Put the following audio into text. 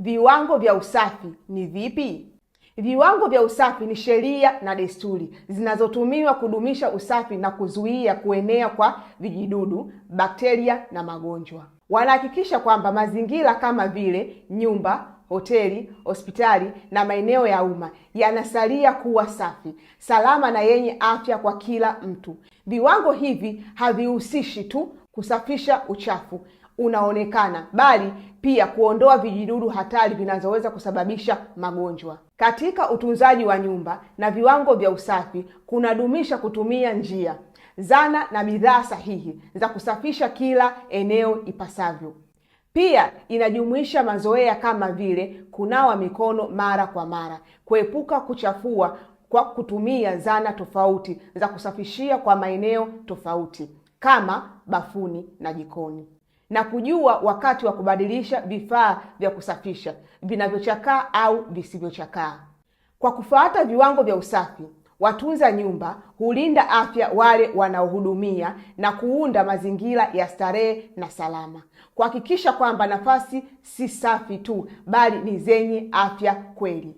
Viwango vya usafi ni vipi? Viwango vya usafi ni sheria na desturi zinazotumiwa kudumisha usafi na kuzuia kuenea kwa vijidudu, bakteria na magonjwa. Wanahakikisha kwamba mazingira kama vile nyumba, hoteli, hospitali na maeneo ya umma yanasalia kuwa safi, salama na yenye afya kwa kila mtu. Viwango hivi havihusishi tu kusafisha uchafu unaonekana, bali pia kuondoa vijidudu hatari vinazoweza kusababisha magonjwa. Katika utunzaji wa nyumba na viwango vya usafi, kunadumisha kutumia njia, zana na bidhaa sahihi za kusafisha kila eneo ipasavyo. Pia inajumuisha mazoea kama vile kunawa mikono mara kwa mara, kuepuka kuchafua kwa kutumia zana tofauti za kusafishia kwa maeneo tofauti kama bafuni na jikoni, na kujua wakati wa kubadilisha vifaa vya kusafisha vinavyochakaa au visivyochakaa. Kwa kufuata viwango vya usafi, watunza nyumba hulinda afya wale wanaohudumia na kuunda mazingira ya starehe na salama, kuhakikisha kwamba nafasi si safi tu, bali ni zenye afya kweli.